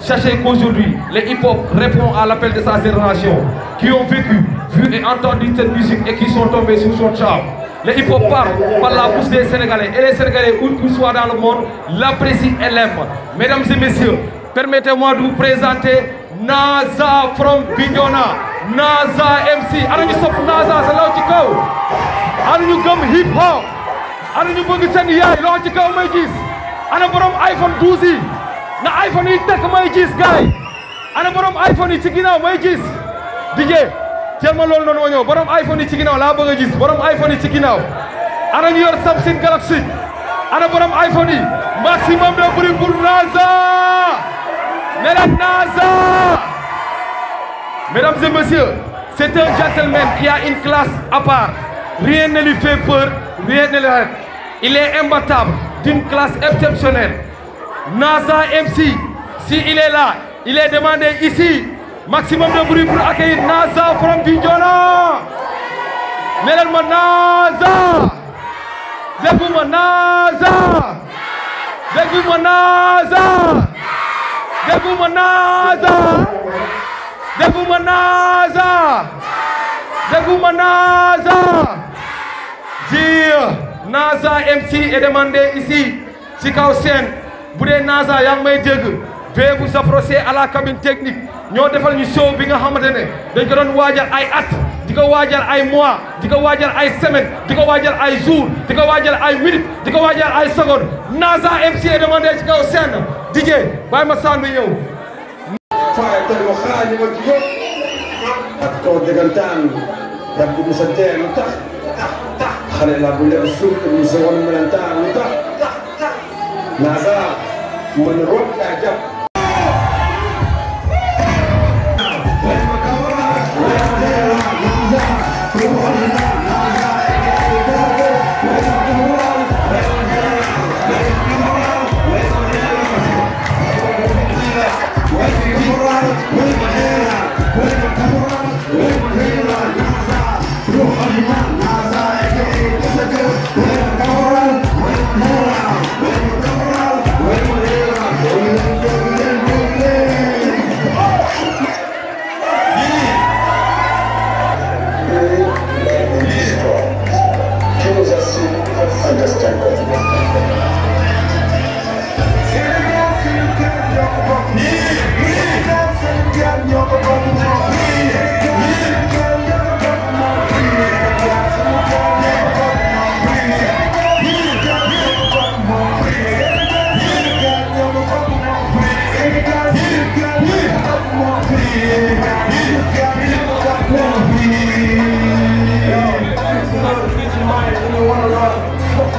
Sachez qu'aujourd'hui, les hip-hop répond à l'appel de sa génération, qui ont vécu, vu et entendu cette musique et qui sont tombés sur son charme. Les hip-hop parlent par la bouche des Sénégalais et les Sénégalais, où qu'ils soient dans le monde, l'apprécient et l'aiment. Mesdames et messieurs, permettez-moi de vous présenter Naza from Bignona, Naza MC. Allez, nous sommes Naza, c'est là où tu Allez, nous sommes hip-hop. Allez, nous sommes C'est là où tu Ana borom iPhone 12 na iPhone yi takk may gis gaay ana borom iPhone yi ci ginnaaw may gis DJ jël ma loolu noonu ma ñëw borom iPhone yi ci ginnaaw laa bëgg a gis borom iPhone yi ci ginnaaw ana ñu yor Samsung Galaxy ana borom iPhone yi maximum de bruit pour NASA ne leen NASA mesdames et messieurs c'est un gentleman qui a une classe à rien ne lui fait peur rien ne lui arrête il est imbattable d'une classe exceptionnelle NASA MC, s'il il est là, il est demandé ici. Maximum de bruit pour accueillir NASA from Bignona. Mais moi NASA. Déggu moi NASA. Le moi NASA. Déggu moi NASA. Le moi NASA. Déggu moi NASA. Dieu, NASA MC est demandé ici. si kaw bu dee NASA yaa ngi may dégg veuillez vous approcher à la cabine technique ñoo defal ñu show bi nga xamante ne dañ ko doon waajal ay at di ko waajal ay mois di ko waajal ay semaine di ko waajal ay jour di ko waajal ay minute di ko waajal ay seconde NASA MC demandé ci kaw scène DJ bàyyi ma saan bi ñëw faatalo xaañima ci yëpp ak koo dëggantaan rab mu sa teelu tax tax tax xale la bu leen suuf mu sa wan là do mình my hand out, wave my hand out, wave my hand out.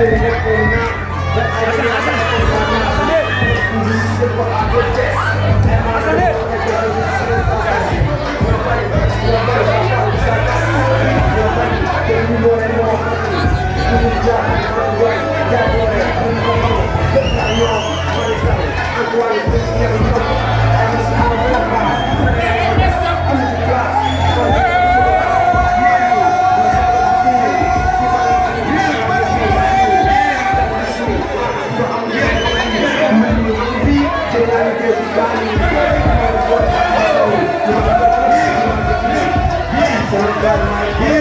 Asal, asal, asal, asal, asal, Yeah.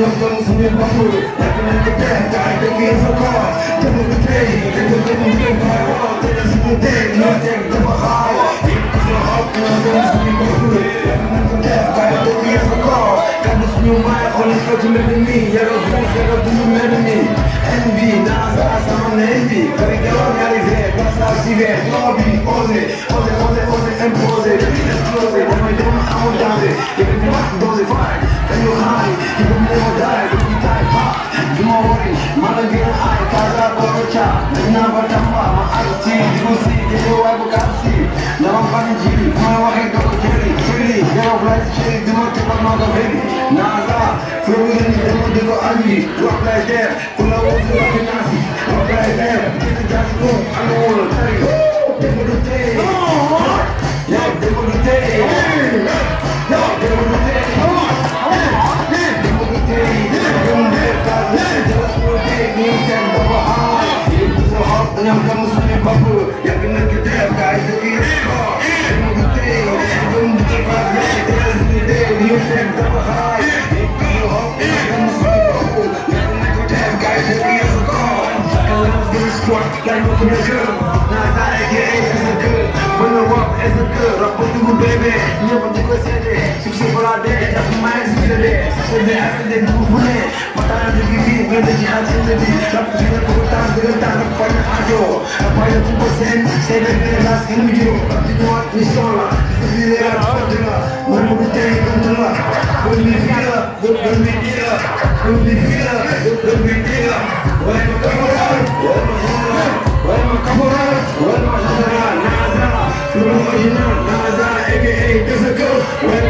young fellas who in my hood, acting like a bad guy, they get so car. Tell them the pain, they will give them real power. Tell us who they, not them, them a higher. Because the hot young fellas who in my hood, acting like a bad guy, they Got this new mind, all this stuff you me. Yeah, those hoes that are doing me. Envy, nas, nas, I'm envy. Gotta get on out of here, that's how she there. Lobby, oze, oze, oze, oze, and pose Let's close it, when we don't, I will down it. This is why Bugatti Now I'm finding Jimmy Kuma wakin doko kiri Kiri Yellow flies chili Dimo tipa manga baby Naza Flow is in the mood Diko anji Rock like that Kula wazi wakin nasi Rock like that Get the jazz go I don't want you do te Yeah, Dimo do te squad, like no from the good. Now it's not like your ass is good. When I walk as a good, I put you baby. Never think I said that. Some shit for all that, that's my ass is good. So then I said that you win. But I have to be me, man, that you have to be. individual, you know what, we saw that. Bizlere çocuklar, bunu bir tek kıldılar. Bunu bir fila, bunu bir fila, bunu bir we bunu bir fila. Vay makabalar, vay makabalar, vay makabalar, vay makabalar, we Bunu orijinal, nazara, aka physical, vay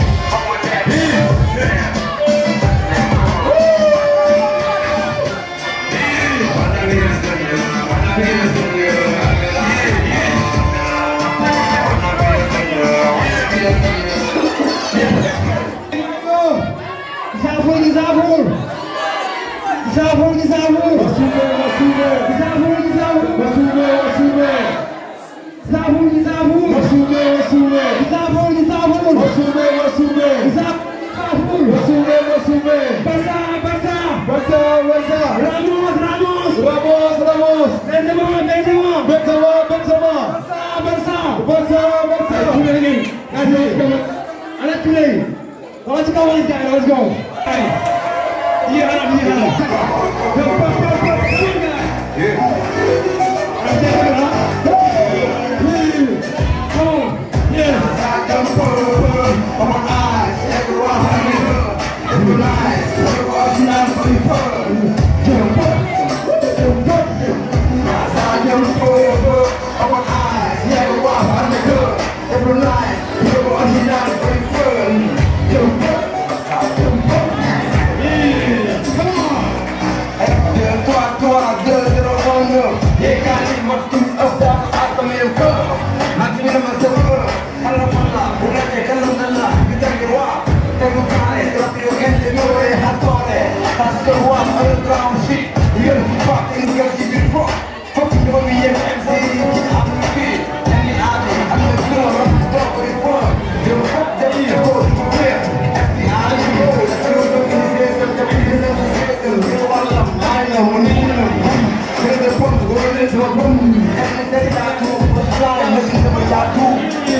That's how And that's me. let's go, ladies and let's go. Hey. Yeah, I'm here. Go, go, go, go. Yeah. I'm definitely not. Come on. Yeah. I got a photo of my eyes. Everyone, I'm here.